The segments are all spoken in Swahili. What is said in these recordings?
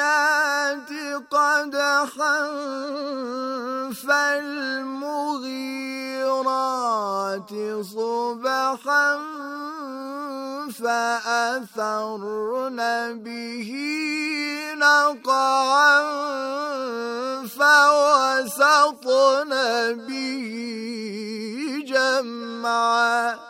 الآيات قدحا فالمغيرات صبحا فأثرن به نقعا فوسطن به جمعا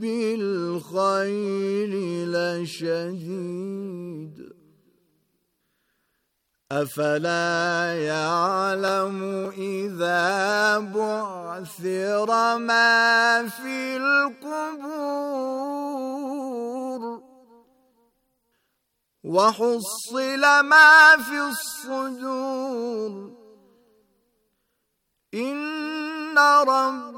بالخير لشديد أفلا يعلم إذا بعثر ما في القبور وحصل ما في الصدور إن رب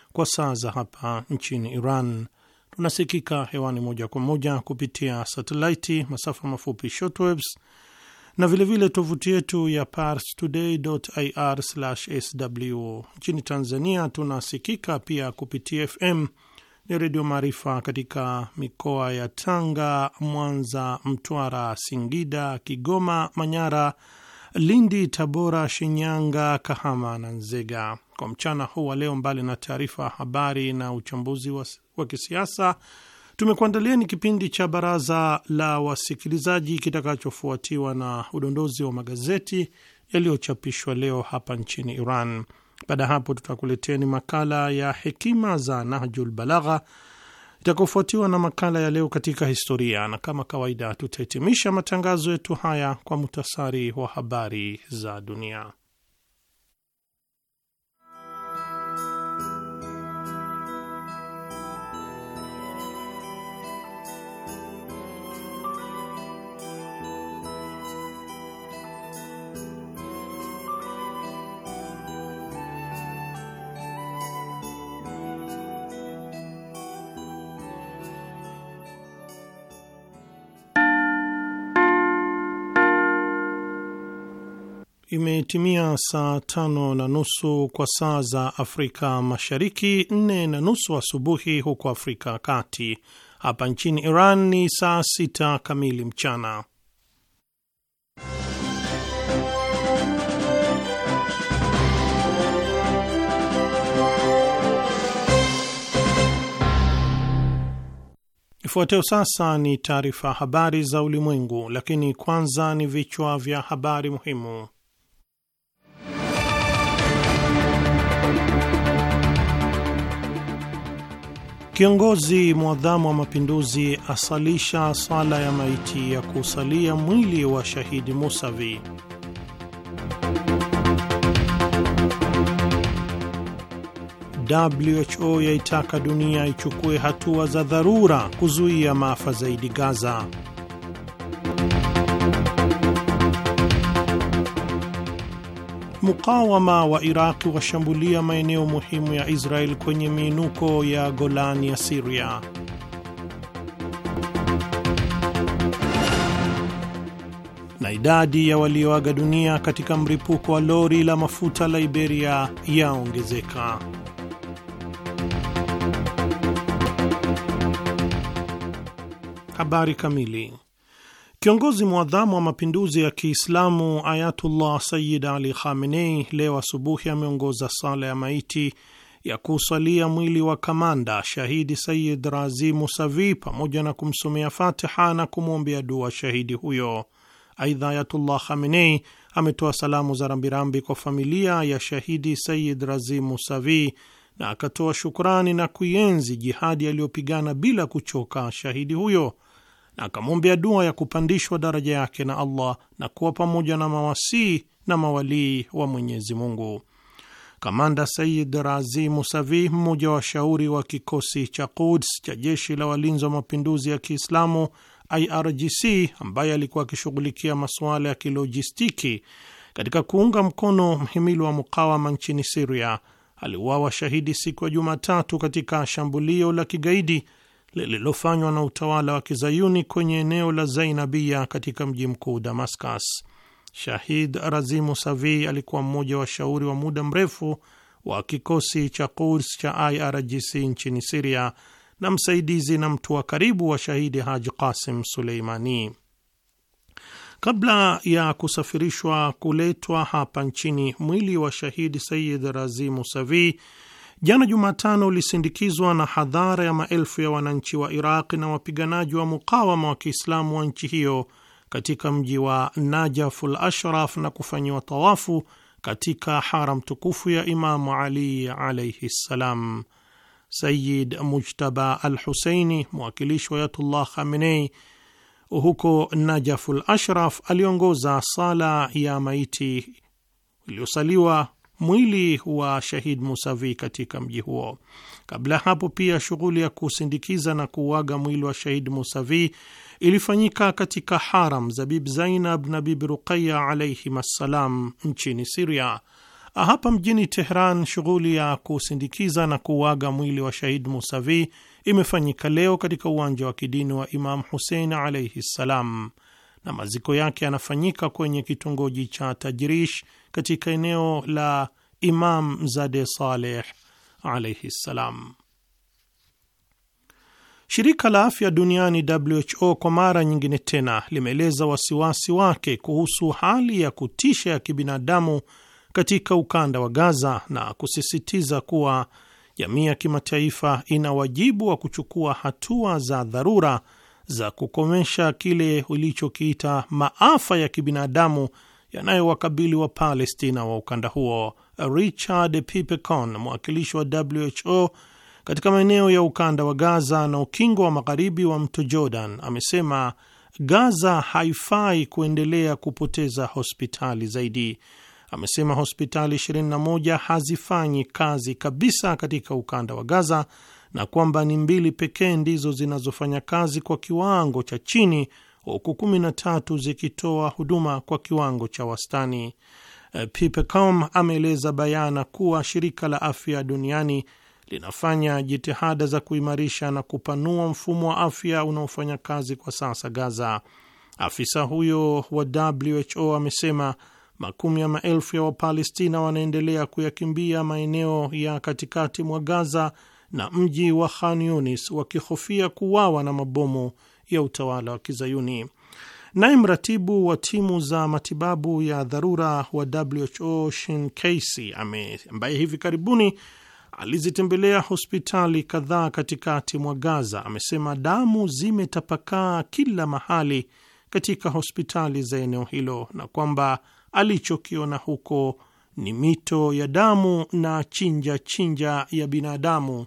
kwa saa za hapa nchini Iran. Tunasikika hewani moja kwa moja kupitia satelaiti, masafa mafupi shortwaves na vilevile tovuti yetu ya parstoday.ir/sw. Nchini Tanzania tunasikika pia kupitia FM ni Redio Maarifa katika mikoa ya Tanga, Mwanza, Mtwara, Singida, Kigoma, Manyara, Lindi, Tabora, Shinyanga, Kahama na Nzega kwa mchana huu wa leo. Mbali na taarifa ya habari na uchambuzi wa, wa kisiasa, tumekuandalia ni kipindi cha baraza la wasikilizaji kitakachofuatiwa na udondozi wa magazeti yaliyochapishwa leo hapa nchini Iran. Baada ya hapo, tutakuletea ni makala ya hekima za Nahjul Balagha itakaofuatiwa na makala ya leo katika historia, na kama kawaida tutahitimisha matangazo yetu haya kwa muhtasari wa habari za dunia. imetimia saa tano na nusu kwa saa za Afrika Mashariki, nne na nusu asubuhi huko Afrika ya Kati. Hapa nchini Iran ni saa sita kamili mchana. Ifuatayo sasa ni taarifa habari za ulimwengu, lakini kwanza ni vichwa vya habari muhimu. Kiongozi mwadhamu wa mapinduzi asalisha sala ya maiti ya kusalia mwili wa shahidi Musavi. WHO yaitaka dunia ichukue hatua za dharura kuzuia maafa zaidi Gaza. mukawama wa Iraqi washambulia maeneo muhimu ya Israel kwenye miinuko ya Golani ya Siria. Na idadi ya walioaga dunia katika mripuko wa lori la mafuta liberia yaongezeka. Habari kamili. Kiongozi mwadhamu wa mapinduzi ya Kiislamu Ayatullah Sayyid Ali Khamenei leo asubuhi ameongoza sala ya maiti ya kuusalia mwili wa kamanda shahidi Sayyid Razi Musavi pamoja na kumsomea Fatiha na kumwombea dua shahidi huyo. Aidha, Ayatullah Khamenei ametoa salamu za rambirambi kwa familia ya shahidi Sayyid Razi Musavi na akatoa shukrani na kuienzi jihadi aliyopigana bila kuchoka shahidi huyo na akamwombea dua ya kupandishwa daraja yake na Allah na kuwa pamoja na mawasii na mawalii wa Mwenyezi Mungu. Kamanda Sayid Razi Musavi, mmoja wa washauri wa kikosi cha Quds cha jeshi la walinzi wa mapinduzi ya Kiislamu IRGC, ambaye alikuwa akishughulikia masuala ya kilojistiki katika kuunga mkono mhimili wa mukawama nchini Siria, aliuawa shahidi siku ya Jumatatu katika shambulio la kigaidi lililofanywa na utawala wa kizayuni kwenye eneo la Zainabia katika mji mkuu Damascus. Shahid Razi Musavi alikuwa mmoja wa shauri wa muda mrefu wa kikosi cha Quds cha IRGC nchini Siria na msaidizi na mtu wa karibu wa shahidi Haji Qasim Suleimani. Kabla ya kusafirishwa kuletwa hapa nchini, mwili wa shahidi Sayid Razi Musavi jana Jumatano ulisindikizwa na hadhara ya maelfu ya wananchi wa Iraq na wapiganaji wa mukawama wa Kiislamu wa nchi hiyo katika mji wa Najaful Ashraf na kufanyiwa tawafu katika haram tukufu ya Imamu Ali alaihi ssalam. Sayid Mujtaba al Huseini, mwakilishi wa Ayatullah Khamenei huko Najaful Ashraf, aliongoza sala ya maiti iliyosaliwa mwili wa Shahid Musavi katika mji huo. Kabla hapo pia shughuli ya kusindikiza na kuuaga mwili wa Shahid Musavi ilifanyika katika haram za bib Zainab na bib Ruqaya alaihim assalam nchini Siria. Hapa mjini Tehran, shughuli ya kusindikiza na kuuaga mwili wa Shahid Musavi imefanyika leo katika uwanja wa kidini wa Imam Husein alaihi ssalam, na maziko yake yanafanyika kwenye kitongoji cha Tajrish katika eneo la Imam Zade Saleh alaihi ssalam. Shirika la afya duniani WHO kwa mara nyingine tena limeeleza wasiwasi wake kuhusu hali ya kutisha ya kibinadamu katika ukanda wa Gaza na kusisitiza kuwa jamii ya kimataifa ina wajibu wa kuchukua hatua za dharura za kukomesha kile ulichokiita maafa ya kibinadamu yanayowakabili wa Palestina wa ukanda huo. Richard Pipecon, mwakilishi wa WHO katika maeneo ya ukanda wa Gaza na ukingo wa magharibi wa mto Jordan, amesema Gaza haifai kuendelea kupoteza hospitali zaidi. Amesema hospitali 21 hazifanyi kazi kabisa katika ukanda wa Gaza na kwamba ni mbili pekee ndizo zinazofanya kazi kwa kiwango cha chini huku kumi na tatu zikitoa huduma kwa kiwango cha wastani. Eh, pipecom ameeleza bayana kuwa shirika la afya duniani linafanya jitihada za kuimarisha na kupanua mfumo wa afya unaofanya kazi kwa sasa Gaza. Afisa huyo wa WHO amesema makumi ya maelfu ya Wapalestina wanaendelea kuyakimbia maeneo ya katikati mwa Gaza na mji wa Khan Yunis wakihofia kuwawa na mabomu ya utawala wa Kizayuni. Naye mratibu wa timu za matibabu ya dharura wa WHO Shin Casey, ambaye hivi karibuni alizitembelea hospitali kadhaa katikati mwa Gaza, amesema damu zimetapakaa kila mahali katika hospitali za eneo hilo na kwamba alichokiona huko ni mito ya damu na chinja chinja ya binadamu,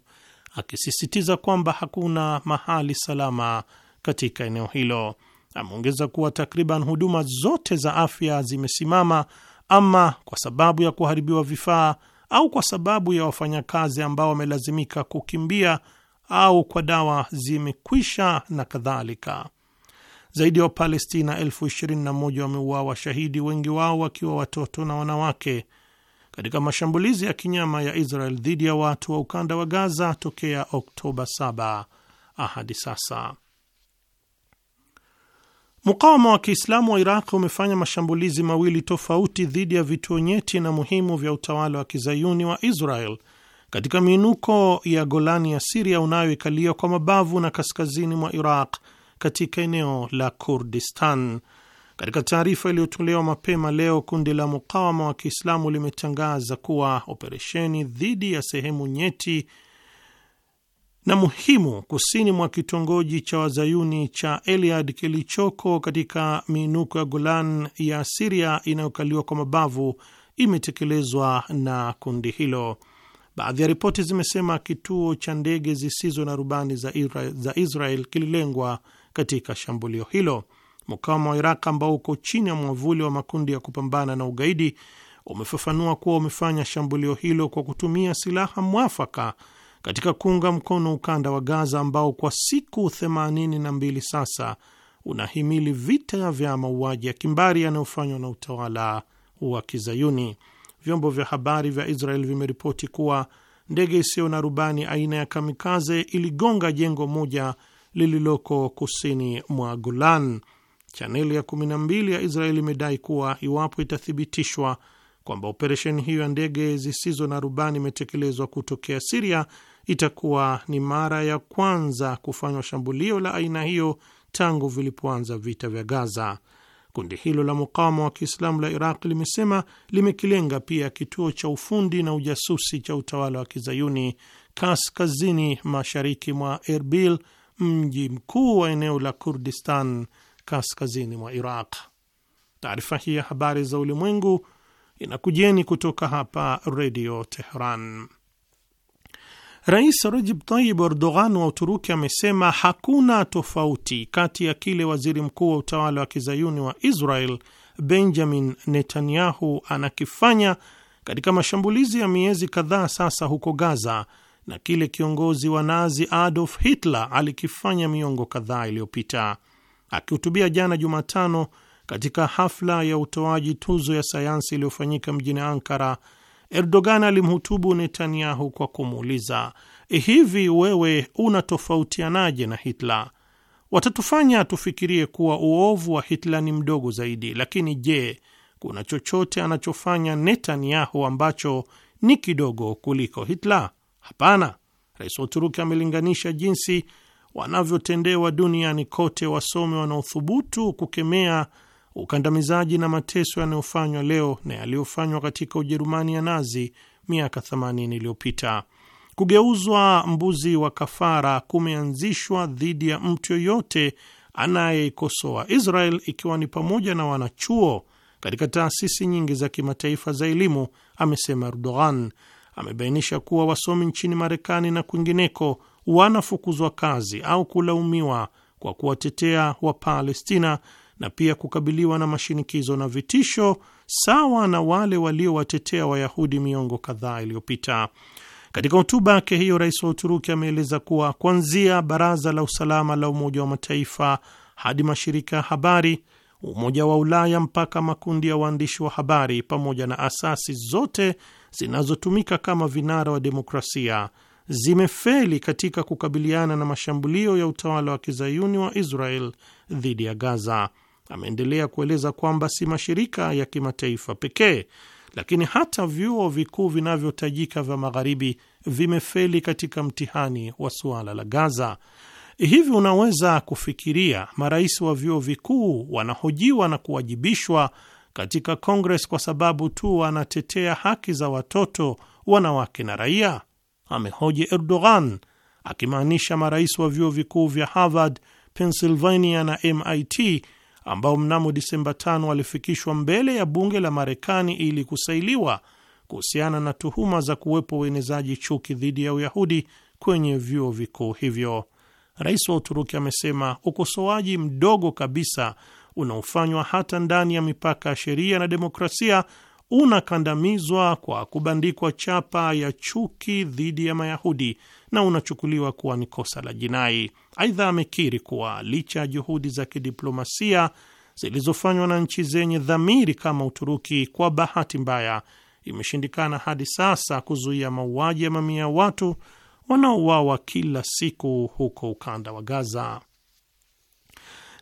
akisisitiza kwamba hakuna mahali salama katika eneo hilo. Ameongeza kuwa takriban huduma zote za afya zimesimama, ama kwa sababu ya kuharibiwa vifaa au kwa sababu ya wafanyakazi ambao wamelazimika kukimbia au kwa dawa zimekwisha na kadhalika. Zaidi ya Wapalestina elfu ishirini na moja wameuawa shahidi, wengi wao wakiwa watoto na wanawake katika mashambulizi ya kinyama ya Israel dhidi ya watu wa ukanda wa Gaza tokea Oktoba 7 hadi sasa. Mukawama wa Kiislamu wa Iraq umefanya mashambulizi mawili tofauti dhidi ya vituo nyeti na muhimu vya utawala wa kizayuni wa Israel katika miinuko ya Golani ya Siria unayoikalia kwa mabavu na kaskazini mwa Iraq katika eneo la Kurdistan. Katika taarifa iliyotolewa mapema leo, kundi la mukawama wa Kiislamu limetangaza kuwa operesheni dhidi ya sehemu nyeti na muhimu kusini mwa kitongoji cha wazayuni cha Eliad kilichoko katika miinuko ya Golan ya Siria inayokaliwa kwa mabavu imetekelezwa na kundi hilo. Baadhi ya ripoti zimesema kituo cha ndege zisizo na rubani za Israel, za Israel kililengwa katika shambulio hilo. Mukawama wa Iraq ambao uko chini ya mwavuli wa makundi ya kupambana na ugaidi umefafanua kuwa umefanya shambulio hilo kwa kutumia silaha mwafaka katika kuunga mkono ukanda wa Gaza ambao kwa siku 82 sasa unahimili vita vya mauaji ya kimbari yanayofanywa na utawala wa Kizayuni. Vyombo vya habari vya Israel vimeripoti kuwa ndege isiyo na rubani aina ya kamikaze iligonga jengo moja lililoko kusini mwa Golan. Chaneli ya 12 ya Israel imedai kuwa iwapo itathibitishwa kwamba operesheni hiyo ya ndege zisizo na rubani imetekelezwa kutokea Siria, itakuwa ni mara ya kwanza kufanywa shambulio la aina hiyo tangu vilipoanza vita vya Gaza. Kundi hilo la mukawama wa Kiislamu la Iraq limesema limekilenga pia kituo cha ufundi na ujasusi cha utawala wa kizayuni kaskazini mashariki mwa Erbil, mji mkuu wa eneo la Kurdistan kaskazini mwa Iraq. Taarifa hii ya habari za ulimwengu inakujeni kutoka hapa Redio Tehran. Rais Recep Tayyip Erdogan wa Uturuki amesema hakuna tofauti kati ya kile waziri mkuu wa utawala wa kizayuni wa Israel Benjamin Netanyahu anakifanya katika mashambulizi ya miezi kadhaa sasa huko Gaza na kile kiongozi wa Nazi Adolf Hitler alikifanya miongo kadhaa iliyopita. Akihutubia jana Jumatano katika hafla ya utoaji tuzo ya sayansi iliyofanyika mjini Ankara, Erdogan alimhutubu Netanyahu kwa kumuuliza, hivi wewe unatofautianaje na Hitler? Watatufanya tufikirie kuwa uovu wa Hitler ni mdogo zaidi, lakini je, kuna chochote anachofanya Netanyahu ambacho ni kidogo kuliko Hitler? Hapana. Rais wa Uturuki amelinganisha jinsi wanavyotendewa duniani kote wasomi wanaothubutu kukemea ukandamizaji na mateso yanayofanywa leo na yaliyofanywa katika Ujerumani ya Nazi miaka 80 iliyopita. Kugeuzwa mbuzi wa kafara kumeanzishwa dhidi ya mtu yoyote anayeikosoa Israel, ikiwa ni pamoja na wanachuo katika taasisi nyingi za kimataifa za elimu, amesema Erdogan. Amebainisha kuwa wasomi nchini Marekani na kwingineko wanafukuzwa kazi au kulaumiwa kwa kuwatetea Wapalestina na pia kukabiliwa na mashinikizo na vitisho sawa na wale waliowatetea Wayahudi miongo kadhaa iliyopita. Katika hotuba yake hiyo, rais wa Uturuki ameeleza kuwa kuanzia Baraza la Usalama la Umoja wa Mataifa hadi mashirika ya habari, Umoja wa Ulaya mpaka makundi ya waandishi wa habari, pamoja na asasi zote zinazotumika kama vinara wa demokrasia zimefeli katika kukabiliana na mashambulio ya utawala wa kizayuni wa Israel dhidi ya Gaza ameendelea kueleza kwamba si mashirika ya kimataifa pekee, lakini hata vyuo vikuu vinavyotajika vya magharibi vimefeli katika mtihani wa suala la Gaza. Hivi unaweza kufikiria marais wa vyuo vikuu wanahojiwa na kuwajibishwa katika Kongres kwa sababu tu wanatetea haki za watoto, wanawake na raia? Amehoji Erdogan, akimaanisha marais wa vyuo vikuu vya Harvard, Pennsylvania na MIT ambao mnamo Disemba 5 alifikishwa mbele ya bunge la Marekani ili kusailiwa kuhusiana na tuhuma za kuwepo uenezaji chuki dhidi ya Uyahudi kwenye vyuo vikuu hivyo. Rais wa Uturuki amesema ukosoaji mdogo kabisa unaofanywa hata ndani ya mipaka ya sheria na demokrasia unakandamizwa kwa kubandikwa chapa ya chuki dhidi ya Mayahudi na unachukuliwa kuwa ni kosa la jinai. Aidha, amekiri kuwa licha ya juhudi za kidiplomasia zilizofanywa na nchi zenye dhamiri kama Uturuki, kwa bahati mbaya imeshindikana hadi sasa kuzuia mauaji ya mamia ya watu wanaouawa kila siku huko ukanda wa Gaza.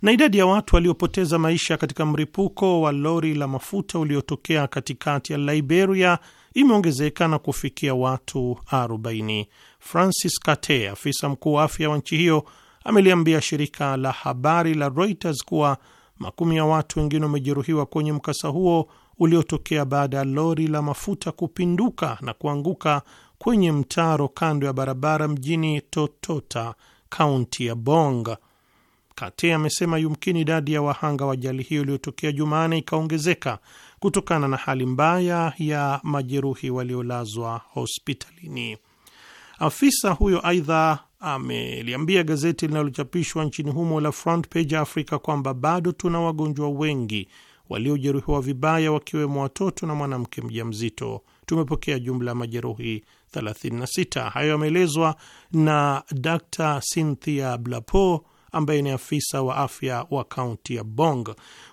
Na idadi ya watu waliopoteza maisha katika mripuko wa lori la mafuta uliotokea katikati ya Liberia imeongezeka na kufikia watu 40. Francis Kate, afisa mkuu wa afya wa nchi hiyo, ameliambia shirika la habari la Reuters kuwa makumi ya watu wengine wamejeruhiwa kwenye mkasa huo uliotokea baada ya lori la mafuta kupinduka na kuanguka kwenye mtaro kando ya barabara mjini Totota, kaunti ya Bong. Kate amesema yumkini idadi ya wahanga wa ajali hiyo iliyotokea Jumanne ikaongezeka kutokana na hali mbaya ya majeruhi waliolazwa hospitalini. Afisa huyo aidha ameliambia gazeti linalochapishwa nchini humo la Front Page Africa kwamba bado tuna wagonjwa wengi waliojeruhiwa vibaya wakiwemo watoto na mwanamke mjamzito. Tumepokea jumla ya majeruhi 36. Hayo yameelezwa na Dr Cynthia Blapo ambaye ni afisa wa afya wa kaunti ya Bong.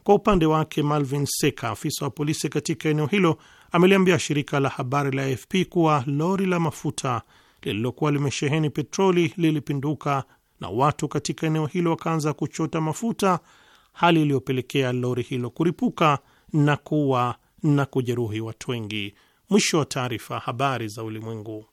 Kwa upande wake, Malvin Seka, afisa wa polisi katika eneo hilo, ameliambia shirika la habari la AFP kuwa lori la mafuta lililokuwa limesheheni petroli lilipinduka na watu katika eneo hilo wakaanza kuchota mafuta, hali iliyopelekea lori hilo kuripuka na kuwa na kujeruhi watu wengi. Mwisho wa taarifa. Habari za Ulimwengu.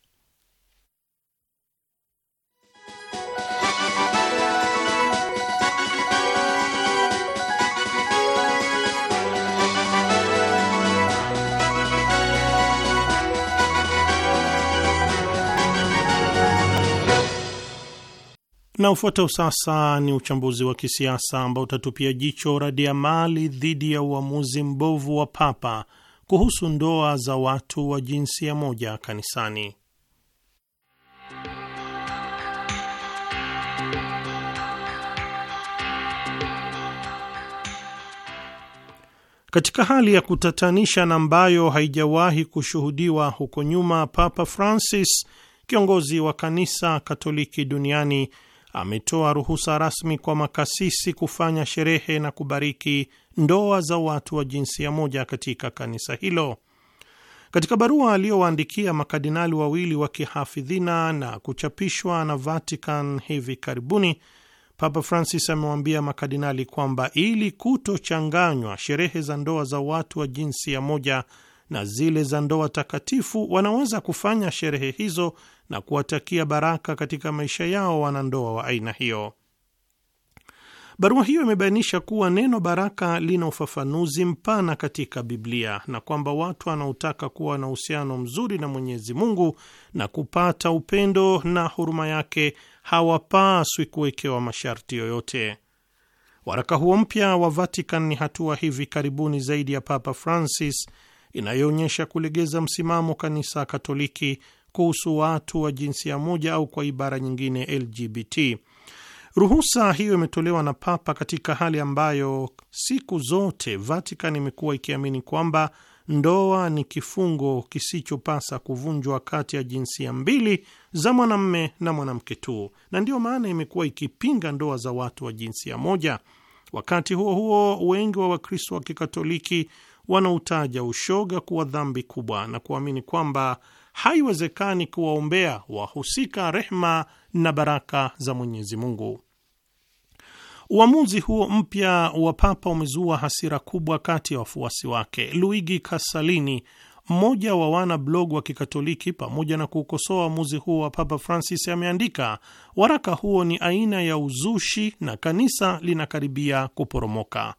Na ufuatao sasa ni uchambuzi wa kisiasa ambao utatupia jicho radi ya mali dhidi ya uamuzi mbovu wa Papa kuhusu ndoa za watu wa jinsia moja kanisani. Katika hali ya kutatanisha na ambayo haijawahi kushuhudiwa huko nyuma, Papa Francis, kiongozi wa kanisa Katoliki duniani, ametoa ruhusa rasmi kwa makasisi kufanya sherehe na kubariki ndoa za watu wa jinsia moja katika kanisa hilo. Katika barua aliyowaandikia makardinali wawili wa kihafidhina na kuchapishwa na Vatican hivi karibuni, Papa Francis amewaambia makardinali kwamba ili kutochanganywa sherehe za ndoa za watu wa jinsia moja na zile za ndoa takatifu wanaweza kufanya sherehe hizo na kuwatakia baraka katika maisha yao wanandoa wa aina hiyo. Barua hiyo imebainisha kuwa neno baraka lina ufafanuzi mpana katika Biblia na kwamba watu wanaotaka kuwa na uhusiano mzuri na Mwenyezi Mungu na kupata upendo na huruma yake hawapaswi kuwekewa masharti yoyote. Waraka huo mpya wa Vatican ni hatua hivi karibuni zaidi ya Papa Francis inayoonyesha kulegeza msimamo kanisa Katoliki kuhusu watu wa jinsia moja au kwa ibara nyingine LGBT. Ruhusa hiyo imetolewa na Papa katika hali ambayo siku zote Vatican imekuwa ikiamini kwamba ndoa ni kifungo kisichopasa kuvunjwa kati ya jinsia mbili za mwanamme na mwanamke tu, na ndiyo maana imekuwa ikipinga ndoa za watu wa jinsia moja. Wakati huo huo, wengi wa Wakristo wa Kikatoliki wanaotaja ushoga kuwa dhambi kubwa na kuamini kwamba haiwezekani kuwaombea wahusika rehma na baraka za Mwenyezi Mungu. Uamuzi huo mpya wa Papa umezua hasira kubwa kati ya wafuasi wake. Luigi Kasalini, mmoja wa wana blog wa Kikatoliki, pamoja na kuukosoa uamuzi huo wa Papa Francis, ameandika waraka huo ni aina ya uzushi na kanisa linakaribia kuporomoka.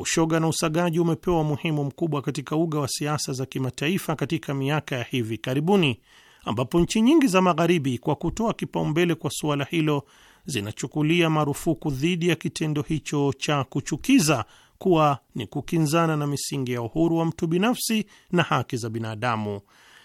Ushoga na usagaji umepewa umuhimu mkubwa katika uga wa siasa za kimataifa katika miaka ya hivi karibuni, ambapo nchi nyingi za Magharibi, kwa kutoa kipaumbele kwa suala hilo, zinachukulia marufuku dhidi ya kitendo hicho cha kuchukiza kuwa ni kukinzana na misingi ya uhuru wa mtu binafsi na haki za binadamu.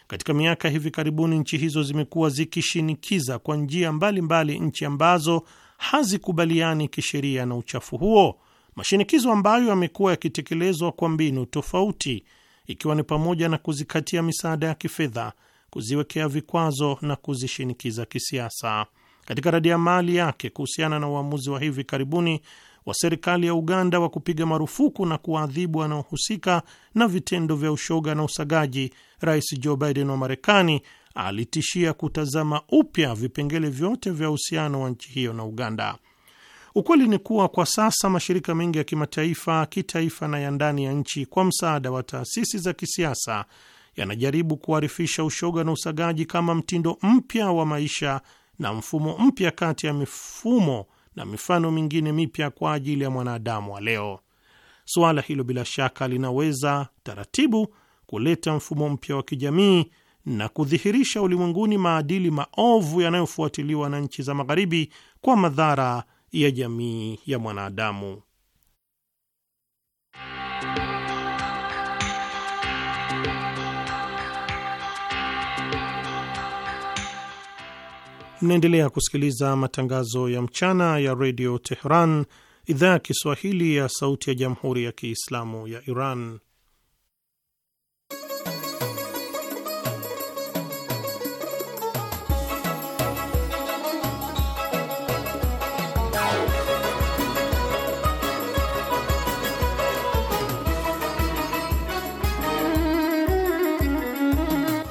Katika miaka hivi karibuni, nchi hizo zimekuwa zikishinikiza kwa njia mbalimbali nchi ambazo hazikubaliani kisheria na uchafu huo mashinikizo ambayo yamekuwa yakitekelezwa kwa mbinu tofauti, ikiwa ni pamoja na kuzikatia misaada ya kifedha, kuziwekea vikwazo na kuzishinikiza kisiasa. Katika radi ya mali yake kuhusiana na uamuzi wa hivi karibuni wa serikali ya Uganda wa kupiga marufuku na kuwaadhibu wanaohusika na vitendo vya ushoga na usagaji, Rais Joe Biden wa Marekani alitishia kutazama upya vipengele vyote vya uhusiano wa nchi hiyo na Uganda. Ukweli ni kuwa kwa sasa mashirika mengi ya kimataifa, kitaifa na ya ndani ya nchi, kwa msaada wa taasisi za kisiasa, yanajaribu kuharifisha ushoga na usagaji kama mtindo mpya wa maisha na mfumo mpya kati ya mifumo na mifano mingine mipya kwa ajili ya mwanadamu wa leo. Suala hilo bila shaka linaweza taratibu kuleta mfumo mpya wa kijamii na kudhihirisha ulimwenguni maadili maovu yanayofuatiliwa na nchi za Magharibi kwa madhara ya jamii ya mwanadamu. Mnaendelea kusikiliza matangazo ya mchana ya redio Teheran, idhaa ya Kiswahili ya sauti ya jamhuri ya Kiislamu ya Iran.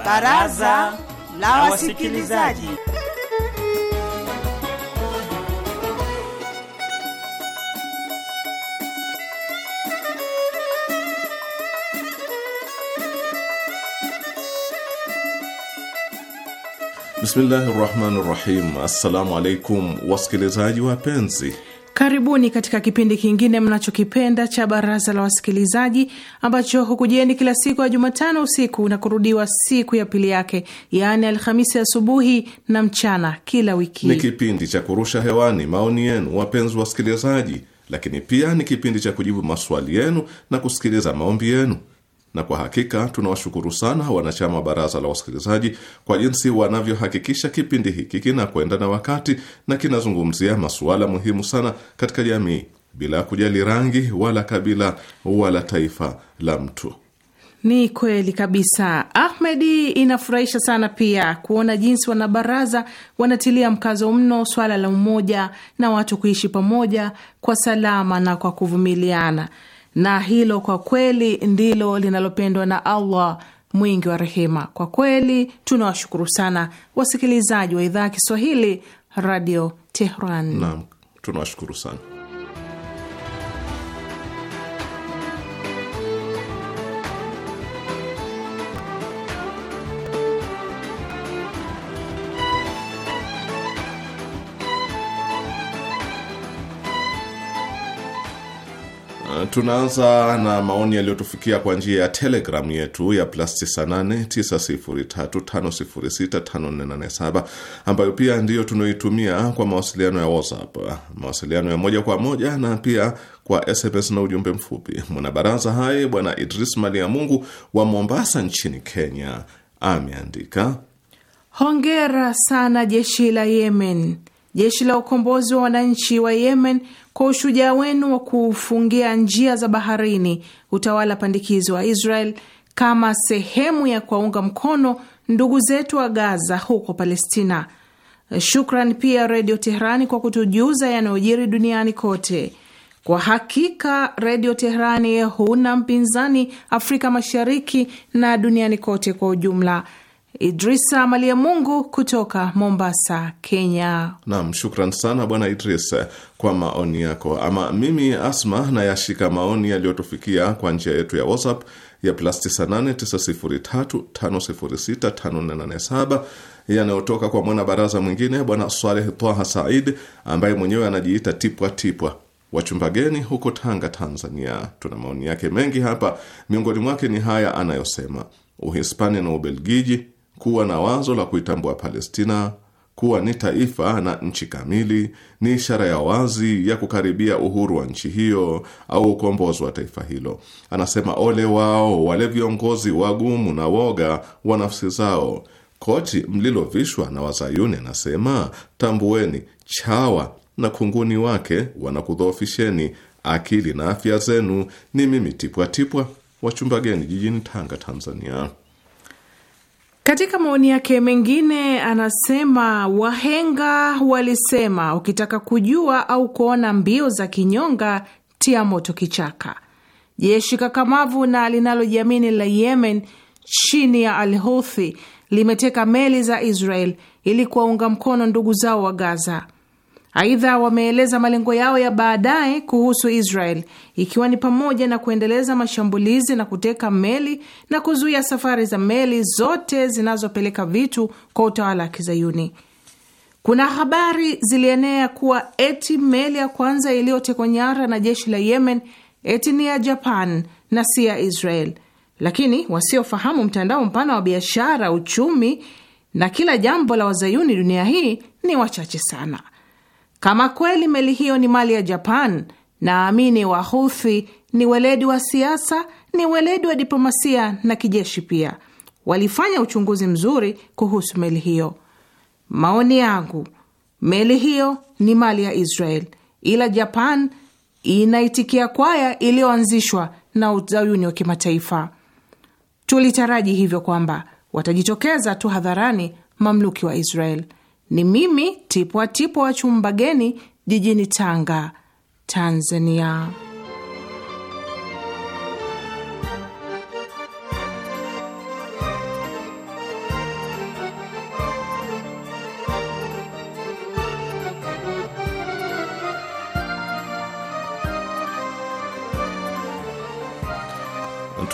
Baraza la Wasikilizaji. Bismillahi rahmani rahim. Assalamu alaikum wasikilizaji wapenzi, Karibuni katika kipindi kingine mnachokipenda cha Baraza la Wasikilizaji, ambacho hukujieni kila siku ya Jumatano usiku na kurudiwa siku ya pili yake, yaani Alhamisi asubuhi ya na mchana kila wiki. Ni kipindi cha kurusha hewani maoni yenu, wapenzi wasikilizaji, lakini pia ni kipindi cha kujibu maswali yenu na kusikiliza maombi yenu na kwa hakika tunawashukuru sana wanachama wa baraza la wasikilizaji kwa jinsi wanavyohakikisha kipindi hiki kinakwenda na wakati na kinazungumzia masuala muhimu sana katika jamii bila kujali rangi wala kabila wala taifa la mtu. Ni kweli kabisa Ahmedi, inafurahisha sana pia kuona jinsi wanabaraza wanatilia mkazo mno swala la umoja na watu kuishi pamoja kwa salama na kwa kuvumiliana na hilo kwa kweli ndilo linalopendwa na Allah mwingi wa rehema. Kwa kweli tunawashukuru sana wasikilizaji wa idhaa ya Kiswahili Radio Tehran. Naam, tunawashukuru sana. Tunaanza na maoni yaliyotufikia kwa njia ya telegramu yetu ya plus 989035065487 ambayo pia ndiyo tunaoitumia kwa mawasiliano ya WhatsApp, mawasiliano ya moja kwa moja na pia kwa SMS na ujumbe mfupi. Mwanabaraza hai Bwana Idris Mali ya Mungu wa Mombasa nchini Kenya ameandika, hongera sana jeshi la Yemen jeshi la ukombozi wa wananchi wa Yemen, kwa ushujaa wenu wa kufungia njia za baharini utawala pandikizi wa Israel kama sehemu ya kuwaunga mkono ndugu zetu wa Gaza huko Palestina. Shukran pia Redio Teherani kwa kutujuza yanayojiri duniani kote. Kwa hakika Redio Teherani huna mpinzani Afrika Mashariki na duniani kote kwa ujumla. Idrisa Malia Mungu kutoka Mombasa, Kenya. Naam, shukran sana Bwana Idris kwa maoni yako. Ama mimi Asma nayashika maoni yaliyotufikia kwa njia yetu ya WhatsApp ya plus 989035065487 yanayotoka kwa mwanabaraza mwingine Bwana Swaleh Twaha Said ambaye mwenyewe anajiita Tipwa Tipwa wachumbageni huko Tanga, Tanzania. Tuna maoni yake mengi hapa, miongoni mwake ni haya anayosema: Uhispania na Ubelgiji kuwa na wazo la kuitambua Palestina kuwa ni taifa na nchi kamili ni ishara ya wazi ya kukaribia uhuru wa nchi hiyo au ukombozi wa taifa hilo. Anasema, ole wao wale viongozi wagumu na woga wa nafsi zao, koti mlilovishwa na Wazayuni. Anasema, tambueni chawa na kunguni wake wanakudhoofisheni, akili na afya zenu. Ni mimi Tipwatipwa Tipwa wachumbageni jijini Tanga, Tanzania. Katika maoni yake mengine anasema wahenga walisema, ukitaka kujua au kuona mbio za kinyonga, tia moto kichaka. Jeshi kakamavu na linalojiamini la Yemen chini ya Al Houthi limeteka meli za Israel ili kuwaunga mkono ndugu zao wa Gaza. Aidha, wameeleza malengo yao ya baadaye kuhusu Israel ikiwa ni pamoja na kuendeleza mashambulizi na kuteka meli na kuzuia safari za meli zote zinazopeleka vitu kwa utawala wa Kizayuni. Kuna habari zilienea kuwa eti meli ya kwanza iliyotekwa nyara na jeshi la Yemen eti ni ya Japan na si ya Israel, lakini wasiofahamu mtandao mpana wa biashara, uchumi na kila jambo la wazayuni dunia hii ni wachache sana. Kama kweli meli hiyo ni mali ya Japan, naamini Wahuthi ni weledi wa siasa, ni weledi wa diplomasia na kijeshi pia. Walifanya uchunguzi mzuri kuhusu meli hiyo. Maoni yangu, meli hiyo ni mali ya Israel, ila Japan inaitikia kwaya iliyoanzishwa na uzayuni wa kimataifa. Tulitaraji hivyo kwamba watajitokeza tu hadharani mamluki wa Israel. Ni mimi Tipwa Tipwa wa geni jijini Tanga, Tanzania.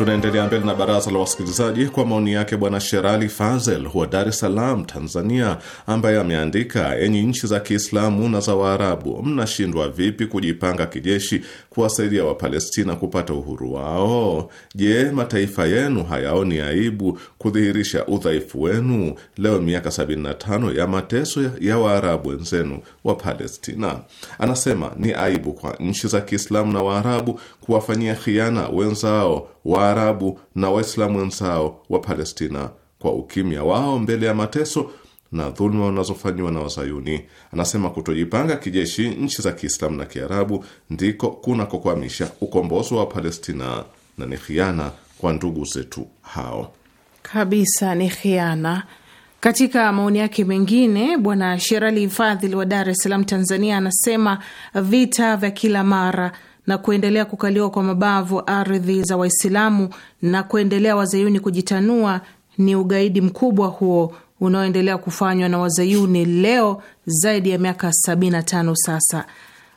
Tunaendelea mbele na baraza la wasikilizaji kwa maoni yake Bwana Sherali Fazel wa Dar es Salaam, Tanzania, ambaye ameandika: enyi nchi za Kiislamu na za Waarabu, mnashindwa vipi kujipanga kijeshi kuwasaidia Wapalestina kupata uhuru wao? Je, mataifa yenu hayaoni aibu kudhihirisha udhaifu wenu leo miaka 75 ya mateso ya Waarabu wenzenu wa Palestina? Anasema ni aibu kwa nchi za Kiislamu na Waarabu kuwafanyia khiana wenzao Waarabu na Waislamu wenzao wa Palestina kwa ukimya wao mbele ya mateso na dhuluma wanazofanyiwa na Wazayuni. Anasema kutojipanga kijeshi nchi za Kiislamu na Kiarabu ndiko kunakokwamisha ukombozi wa Palestina na ni khiana kwa ndugu zetu hao. Kabisa ni khiana. Katika maoni yake mengine, Bwana Sherali Fadhili wa Dar es Salaam, Tanzania, anasema vita vya kila mara na kuendelea kukaliwa kwa mabavu ardhi za Waislamu na kuendelea wazayuni kujitanua ni ugaidi mkubwa huo unaoendelea kufanywa na wazayuni leo zaidi ya miaka 75 sasa.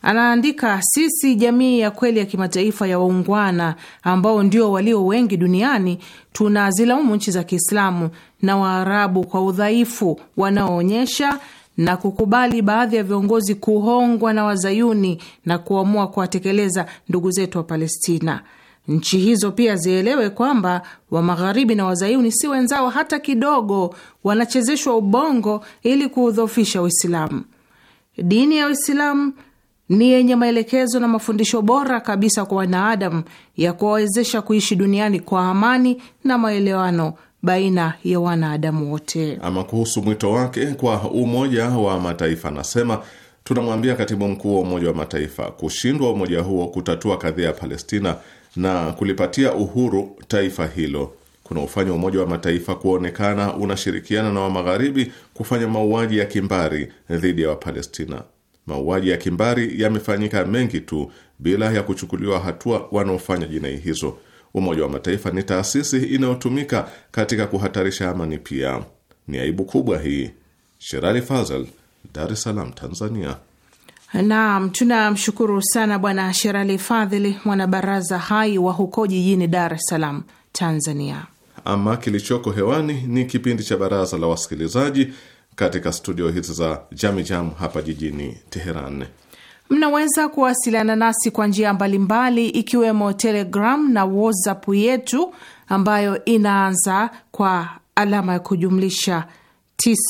Anaandika, sisi jamii ya kweli ya kimataifa ya waungwana ambao ndio walio wengi duniani tunazilaumu nchi za Kiislamu na Waarabu kwa udhaifu wanaoonyesha na kukubali baadhi ya viongozi kuhongwa na wazayuni na kuamua kuwatekeleza ndugu zetu wa Palestina. Nchi hizo pia zielewe kwamba wa magharibi na wazayuni si wenzao hata kidogo, wanachezeshwa ubongo ili kuudhofisha Uislamu. Dini ya Uislamu ni yenye maelekezo na mafundisho bora kabisa kwa wanaadamu ya kuwawezesha kuishi duniani kwa amani na maelewano baina ya wanadamu wote. Ama kuhusu mwito wake kwa Umoja wa Mataifa, anasema tunamwambia katibu mkuu wa Umoja wa Mataifa, kushindwa umoja huo kutatua kadhia ya Palestina na kulipatia uhuru taifa hilo kuna ufanya Umoja wa Mataifa kuonekana unashirikiana na wa Magharibi kufanya mauaji ya kimbari dhidi ya Wapalestina. Mauaji ya kimbari yamefanyika mengi tu bila ya kuchukuliwa hatua wanaofanya jinai hizo. Umoja wa Mataifa ni taasisi inayotumika katika kuhatarisha amani pia. Ni aibu kubwa hii. Sherali Fazel, Dar es Salaam, Tanzania. Naam, tunamshukuru sana Bwana Sherali Fadhili, mwanabaraza hai wa huko jijini Dar es Salaam, Tanzania. Ama kilichoko hewani ni kipindi cha Baraza la Wasikilizaji katika studio hizi za Jamijam hapa jijini Teheran. Mnaweza kuwasiliana nasi kwa njia mbalimbali, ikiwemo Telegram na WhatsApp yetu ambayo inaanza kwa alama ya kujumlisha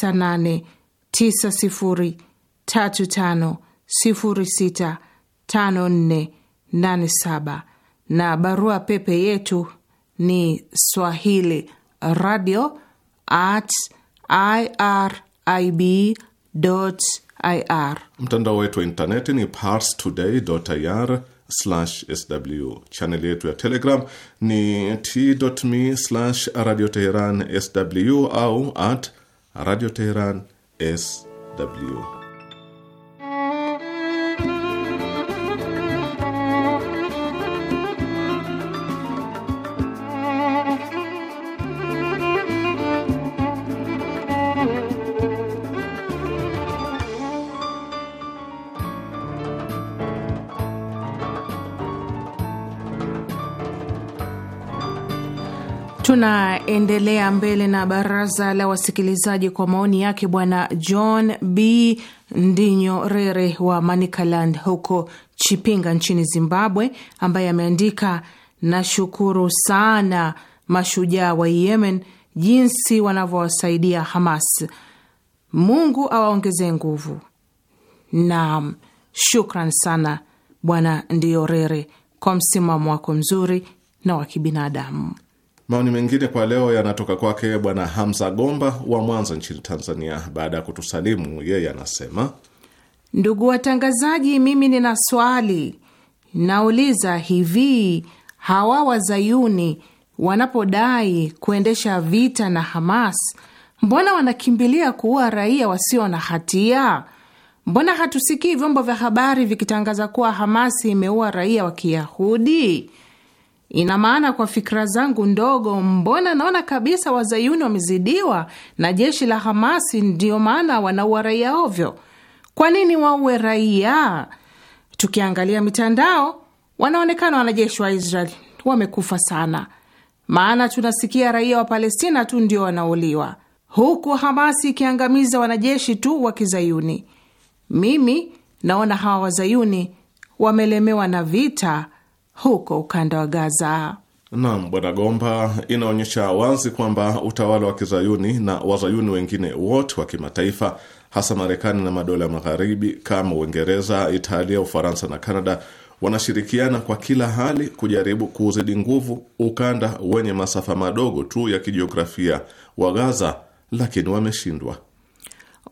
989035065487 na barua pepe yetu ni swahili radio at irib ir. Mtandao wetu wa intaneti ni parstoday.ir sw. Chaneli yetu ya Telegram ni t.me radio teheran sw au at radio teheran sw. Tunaendelea mbele na baraza la wasikilizaji kwa maoni yake bwana John B Ndinyo Rere wa Manicaland huko Chipinga nchini Zimbabwe, ambaye ameandika nashukuru sana mashujaa wa Yemen jinsi wanavyowasaidia Hamas. Mungu awaongezee nguvu. Naam, shukran sana bwana Ndiorere kwa msimamo wako mzuri na wa kibinadamu. Maoni mengine kwa leo yanatoka kwake Bwana Hamza Gomba wa Mwanza nchini Tanzania. Baada ya kutusalimu, yeye anasema, ndugu watangazaji, mimi nina swali nauliza, hivi hawa wazayuni wanapodai kuendesha vita na Hamas, mbona wanakimbilia kuua raia wasio na hatia? Mbona hatusikii vyombo vya habari vikitangaza kuwa Hamasi imeua raia wa Kiyahudi? Ina maana kwa fikra zangu ndogo, mbona naona kabisa wazayuni wamezidiwa na jeshi la Hamasi, ndiyo maana wanaua raia ovyo. Kwa nini waue raia? Tukiangalia mitandao, wanaonekana wanajeshi wa Israel wamekufa sana, maana tunasikia raia wa Palestina tu ndio wanauliwa, huku Hamasi ikiangamiza wanajeshi tu wa Kizayuni. Mimi naona hawa wazayuni wamelemewa na vita huko ukanda wa Gaza. Naam, Bwana Gomba, inaonyesha wazi kwamba utawala wa kizayuni na wazayuni wengine wote wa kimataifa, hasa Marekani na madola ya magharibi kama Uingereza, Italia, Ufaransa na Kanada wanashirikiana kwa kila hali kujaribu kuuzidi nguvu ukanda wenye masafa madogo tu ya kijiografia wa Gaza, lakini wameshindwa.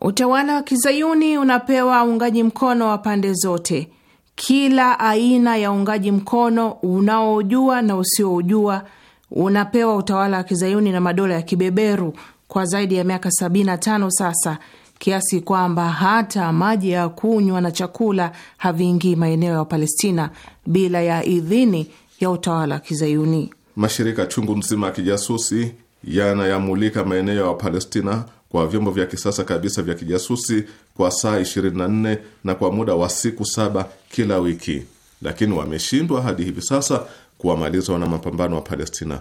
Utawala wa kizayuni unapewa uungaji mkono wa pande zote kila aina ya uungaji mkono unaojua na usioujua unapewa utawala wa kizayuni na madola ya kibeberu kwa zaidi ya miaka 75 sasa, kiasi kwamba hata maji ya kunywa na chakula haviingii maeneo ya Palestina bila ya idhini ya utawala wa kizayuni. Mashirika chungu mzima ya kijasusi yanayamulika maeneo ya Palestina kwa vyombo vya kisasa kabisa vya kijasusi kwa saa 24 na kwa muda wa siku saba kila wiki, lakini wameshindwa hadi hivi sasa kuwamaliza wana mapambano wa Palestina,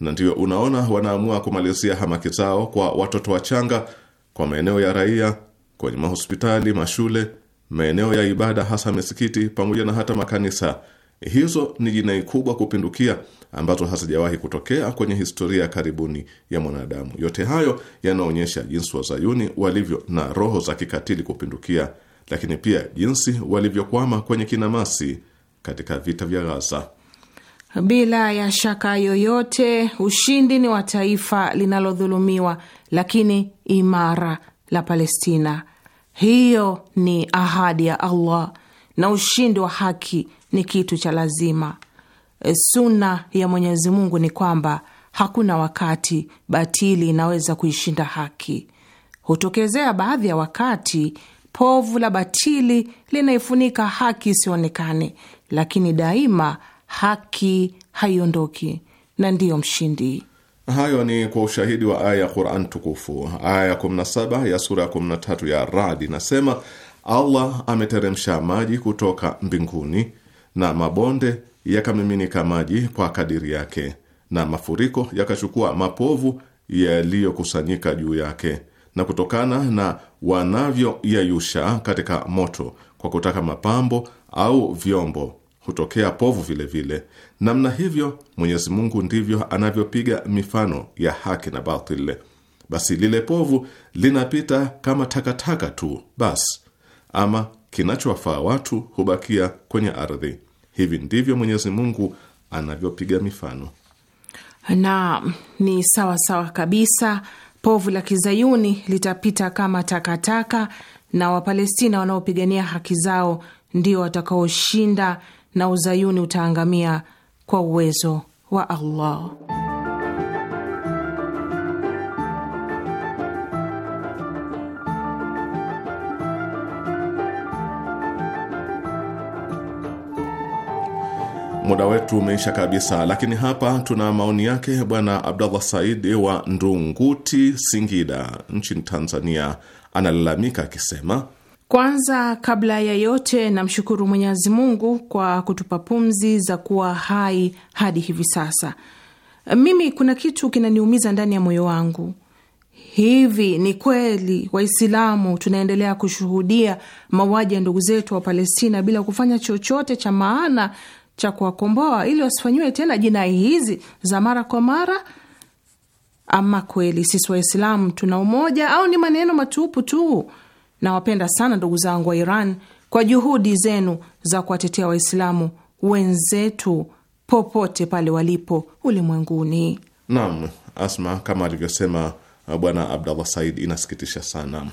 na ndiyo unaona wanaamua kumalizia hamaki zao kwa watoto wachanga, kwa maeneo ya raia, kwenye mahospitali, mashule, maeneo ya ibada, hasa misikiti pamoja na hata makanisa Hizo ni jinai kubwa kupindukia ambazo hazijawahi kutokea kwenye historia ya karibuni ya mwanadamu. Yote hayo yanaonyesha jinsi wazayuni walivyo na roho za kikatili kupindukia, lakini pia jinsi walivyokwama kwenye kinamasi katika vita vya Gaza. Bila ya shaka yoyote, ushindi ni wa taifa linalodhulumiwa lakini imara la Palestina. Hiyo ni ahadi ya Allah na ushindi wa haki ni kitu cha lazima. E, Suna ya Mwenyezi Mungu ni kwamba hakuna wakati batili inaweza kuishinda haki. Hutokezea baadhi ya wakati povu la batili linaifunika haki isionekane, lakini daima haki haiondoki na ndiyo mshindi. Hayo ni kwa ushahidi wa aya ya Quran tukufu. Aya ya 17 ya sura ya 13 ya Radi inasema Allah ameteremsha maji kutoka mbinguni na mabonde yakamiminika maji kwa kadiri yake, na mafuriko yakachukua mapovu yaliyokusanyika juu yake, na kutokana na wanavyoyayusha katika moto kwa kutaka mapambo au vyombo hutokea povu vile vile. Namna hivyo Mwenyezi Mungu ndivyo anavyopiga mifano ya haki na batil. Basi lile povu linapita kama takataka tu basi ama kinachowafaa watu hubakia kwenye ardhi. Hivi ndivyo Mwenyezi Mungu anavyopiga mifano, na ni sawa sawa kabisa. Povu la kizayuni litapita kama takataka, na Wapalestina wanaopigania haki zao ndio watakaoshinda, na uzayuni utaangamia kwa uwezo wa Allah. Muda wetu umeisha kabisa, lakini hapa tuna maoni yake Bwana Abdallah Saidi wa Ndunguti, Singida nchini Tanzania. Analalamika akisema kwanza kabla ya yote namshukuru Mwenyezi Mungu kwa kutupa pumzi za kuwa hai hadi hivi sasa. Mimi kuna kitu kinaniumiza ndani ya moyo wangu. Hivi ni kweli Waislamu tunaendelea kushuhudia mauaji ya ndugu zetu wa Palestina bila kufanya chochote cha maana cha kuwakomboa ili wasifanyiwe tena jinai hizi za mara kwa mara. Ama kweli sisi Waislamu tuna umoja au ni maneno matupu tu? Nawapenda sana ndugu zangu wa Iran kwa juhudi zenu za kuwatetea Waislamu wenzetu popote pale walipo ulimwenguni. Naam, Asma, kama alivyosema uh, Bwana Abdallah Said, inasikitisha sana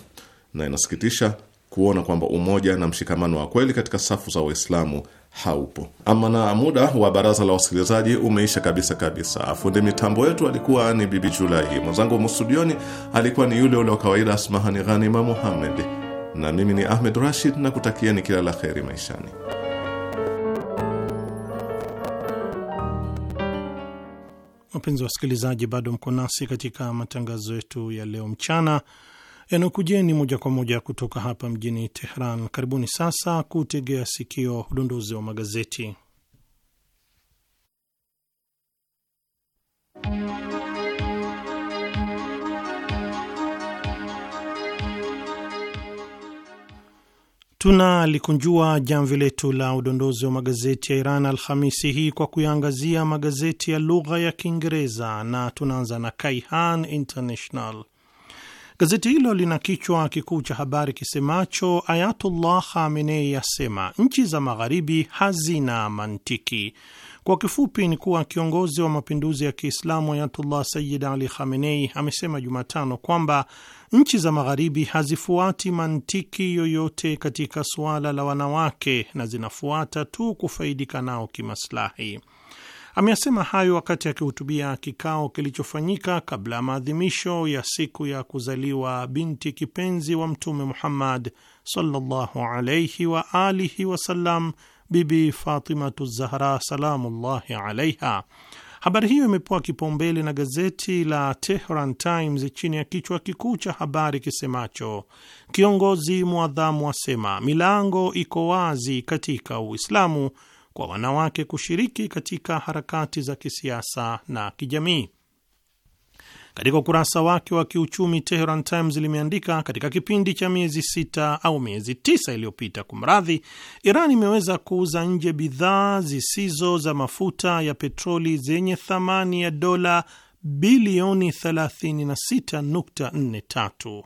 na inasikitisha kuona kwamba umoja na mshikamano wa kweli katika safu za Waislamu haupo. Ama na muda wa baraza la wasikilizaji umeisha kabisa kabisa. Afundi mitambo wetu alikuwa ni Bibi Julai, mwenzangu mustudioni alikuwa ni yule ule wa kawaida Asmahani Ghanima Muhammed, na mimi ni Ahmed Rashid na kutakieni kila la kheri maishani. Wapenzi wa wasikilizaji, bado mko nasi katika matangazo yetu ya leo mchana yanayokujeni moja kwa moja kutoka hapa mjini Tehran. Karibuni sasa kutegea sikio udondozi wa magazeti. Tunalikunjua jamvi letu la udondozi wa magazeti ya Iran Alhamisi hii kwa kuyaangazia magazeti ya lugha ya Kiingereza na tunaanza na Kaihan International Gazeti hilo lina kichwa kikuu cha habari kisemacho Ayatullah Khamenei asema nchi za magharibi hazina mantiki. Kwa kifupi ni kuwa kiongozi wa mapinduzi ya Kiislamu Ayatullah Sayyid Ali Khamenei amesema Jumatano kwamba nchi za magharibi hazifuati mantiki yoyote katika suala la wanawake na zinafuata tu kufaidika nao kimaslahi. Ameyasema hayo wakati akihutubia kikao kilichofanyika kabla ya maadhimisho ya siku ya kuzaliwa binti kipenzi wa Mtume Muhammad sallallahu alaihi wa alihi wasallam, Bibi Fatimatu Zahra salamullahi alaiha. Habari hiyo imepewa kipaumbele na gazeti la Tehran Times chini ya kichwa kikuu cha habari kisemacho kiongozi mwadhamu asema milango iko wazi katika Uislamu kwa wanawake kushiriki katika harakati za kisiasa na kijamii. Katika ukurasa wake wa kiuchumi, Teheran Times limeandika katika kipindi cha miezi sita au miezi tisa iliyopita, kumradhi, Iran imeweza kuuza nje bidhaa zisizo za mafuta ya petroli zenye thamani ya dola bilioni 36.43.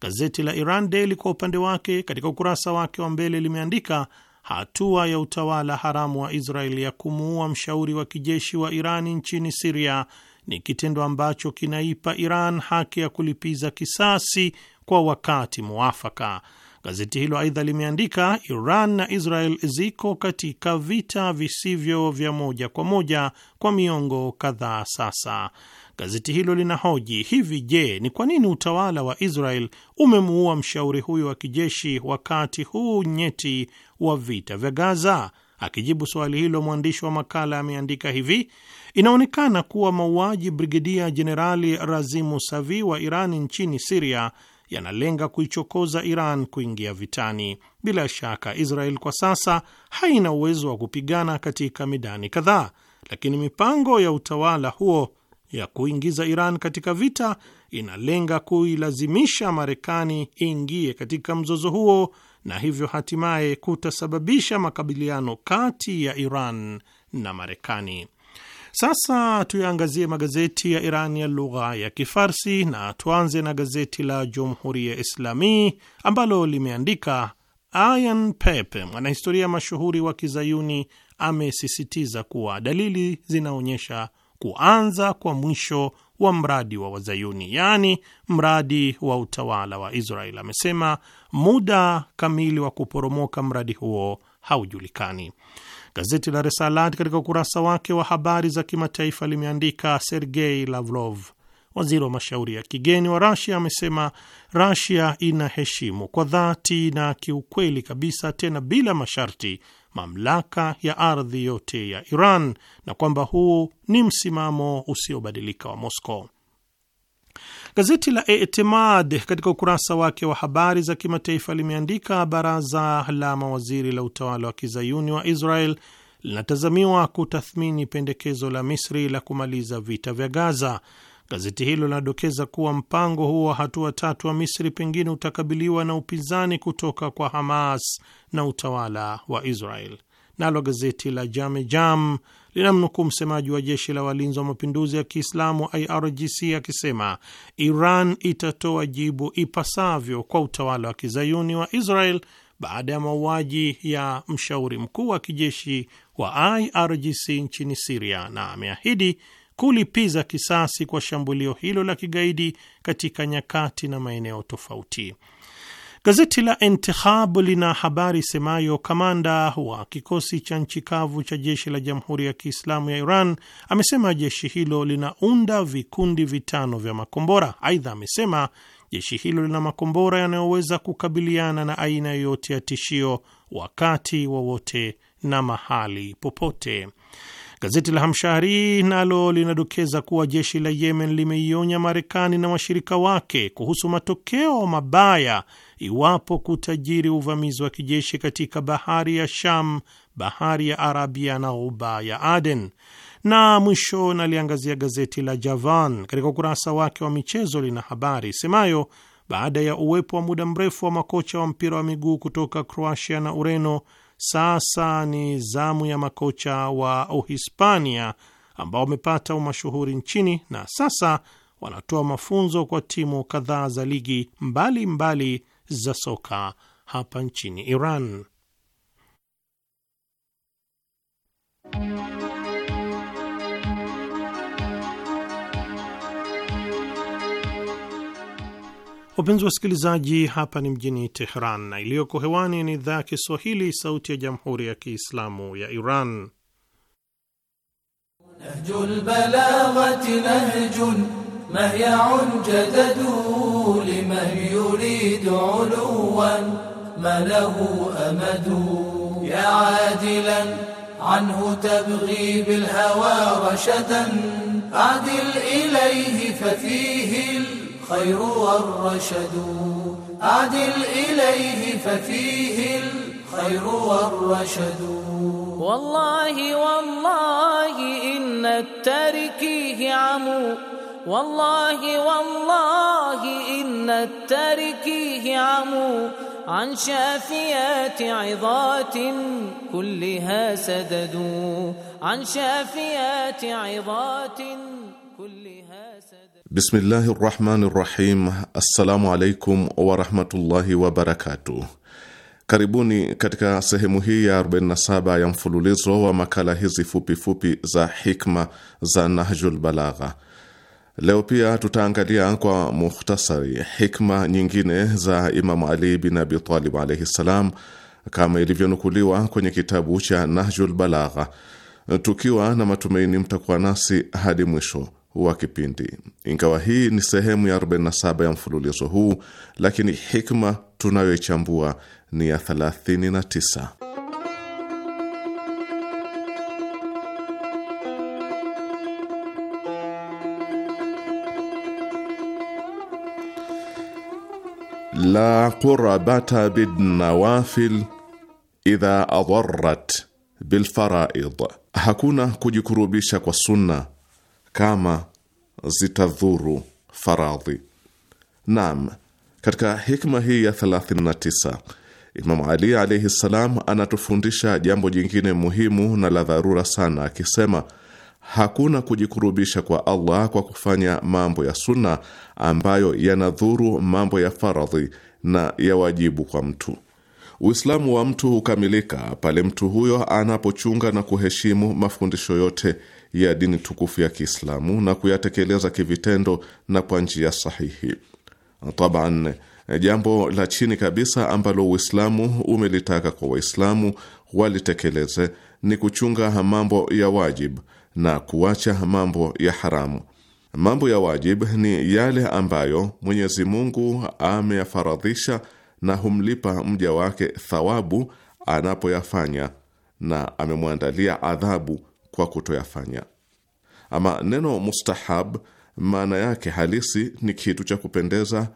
Gazeti la Iran Daily kwa upande wake, katika ukurasa wake wa mbele limeandika hatua ya utawala haramu wa Israeli ya kumuua mshauri wa kijeshi wa Irani nchini Siria ni kitendo ambacho kinaipa Iran haki ya kulipiza kisasi kwa wakati muafaka. Gazeti hilo aidha limeandika Iran na Israel ziko katika vita visivyo vya moja kwa moja kwa miongo kadhaa sasa. Gazeti hilo linahoji hivi, je, ni kwa nini utawala wa Israel umemuua mshauri huyo wa kijeshi wakati huu nyeti wa vita vya Gaza? Akijibu swali hilo, mwandishi wa makala ameandika hivi: inaonekana kuwa mauaji Brigedia Jenerali Razimu Savi wa Iran nchini Siria yanalenga kuichokoza Iran kuingia vitani. Bila shaka, Israel kwa sasa haina uwezo wa kupigana katika midani kadhaa, lakini mipango ya utawala huo ya kuingiza Iran katika vita inalenga kuilazimisha Marekani ingie katika mzozo huo na hivyo hatimaye kutasababisha makabiliano kati ya Iran na Marekani. Sasa tuyaangazie magazeti ya Iran ya lugha ya Kifarsi na tuanze na gazeti la Jumhuri ya Islamii ambalo limeandika Ayan Pepe, mwanahistoria mashuhuri wa Kizayuni, amesisitiza kuwa dalili zinaonyesha kuanza kwa mwisho wa mradi wa Wazayuni, yaani mradi wa utawala wa israel Amesema muda kamili wa kuporomoka mradi huo haujulikani. Gazeti la Resalat katika ukurasa wake wa habari za kimataifa limeandika Sergei Lavrov Waziri wa mashauri ya kigeni wa Rasia amesema Rasia inaheshimu kwa dhati na kiukweli kabisa, tena bila masharti, mamlaka ya ardhi yote ya Iran na kwamba huu ni msimamo usiobadilika wa Moscow. Gazeti la Etemad katika ukurasa wake wa habari za kimataifa limeandika baraza la mawaziri la utawala wa kizayuni wa Israel linatazamiwa kutathmini pendekezo la Misri la kumaliza vita vya Gaza. Gazeti hilo linadokeza kuwa mpango huo wa hatua tatu wa Misri pengine utakabiliwa na upinzani kutoka kwa Hamas na utawala wa Israel. Nalo gazeti la Jame Jam linamnukuu msemaji wa jeshi la walinzi wa mapinduzi ya Kiislamu IRGC akisema Iran itatoa jibu ipasavyo kwa utawala wa kizayuni wa Israel baada ya mauaji ya mshauri mkuu wa kijeshi wa IRGC nchini Siria, na ameahidi kulipiza kisasi kwa shambulio hilo la kigaidi katika nyakati na maeneo tofauti. Gazeti la Intikhab lina habari semayo kamanda wa kikosi cha nchi kavu cha jeshi la Jamhuri ya Kiislamu ya Iran amesema jeshi hilo linaunda vikundi vitano vya makombora. Aidha amesema jeshi hilo lina makombora yanayoweza kukabiliana na aina yoyote ya tishio wakati wowote wa na mahali popote. Gazeti la Hamshari nalo linadokeza kuwa jeshi la Yemen limeionya Marekani na washirika wake kuhusu matokeo mabaya iwapo kutajiri uvamizi wa kijeshi katika bahari ya Sham, bahari ya Arabia na ghuba ya Aden. Na mwisho naliangazia gazeti la Javan katika ukurasa wake wa michezo, lina habari semayo baada ya uwepo wa muda mrefu wa makocha wa mpira wa miguu kutoka Croatia na Ureno sasa ni zamu ya makocha wa Uhispania ambao wamepata umashuhuri nchini na sasa wanatoa mafunzo kwa timu kadhaa za ligi mbalimbali mbali za soka hapa nchini Iran. Wapenzi wasikilizaji, hapa ni mjini Teheran na iliyoko hewani ni idhaa ya Kiswahili, sauti ya jamhuri ya kiislamu ya Iran. Anhu tabghi bilhawa rashadan adil ilayhi fafihi خير والرشد أعدل إليه ففيه الخير والرشد والله والله إن التركيه عمو والله والله إن التركيه عمو عن شافيات عظات كلها سددوا عن شافيات عظات كلها Bismillahi rahmani rahim. Assalamu alaikum warahmatullahi wabarakatuh. Karibuni katika sehemu hii ya 47 ya mfululizo wa makala hizi fupifupi fupi za hikma za Nahjul Balagha. Leo pia tutaangalia kwa mukhtasari hikma nyingine za Imamu Ali bin Abi Talib alaihi ssalam, kama ilivyonukuliwa kwenye kitabu cha Nahjul Balagha, tukiwa na matumaini mtakuwa nasi hadi mwisho wa kipindi. Ingawa hii ni sehemu ya 47 ya mfululizo huu, lakini hikma tunayoichambua ni ya 39. La qurabata bidnawafil idha adharat bilfaraid, hakuna kujikurubisha kwa sunna kama zitadhuru faradhi. Naam, katika hikma hii ya 39 Imamu Ali alaihi ssalam anatufundisha jambo jingine muhimu na la dharura sana, akisema hakuna kujikurubisha kwa Allah kwa kufanya mambo ya sunna ambayo yanadhuru mambo ya faradhi na ya wajibu kwa mtu. Uislamu wa mtu hukamilika pale mtu huyo anapochunga na kuheshimu mafundisho yote ya dini tukufu ya Kiislamu na kuyatekeleza kivitendo na kwa njia sahihi. Taban, eh, jambo la chini kabisa ambalo Uislamu umelitaka kwa Waislamu walitekeleze ni kuchunga mambo ya wajib na kuacha mambo ya haramu. Mambo ya wajib ni yale ambayo Mwenyezi Mungu ameyafaradhisha na humlipa mja wake thawabu anapoyafanya na amemwandalia adhabu kwa kutoyafanya. Ama neno mustahab maana yake halisi ni kitu cha kupendeza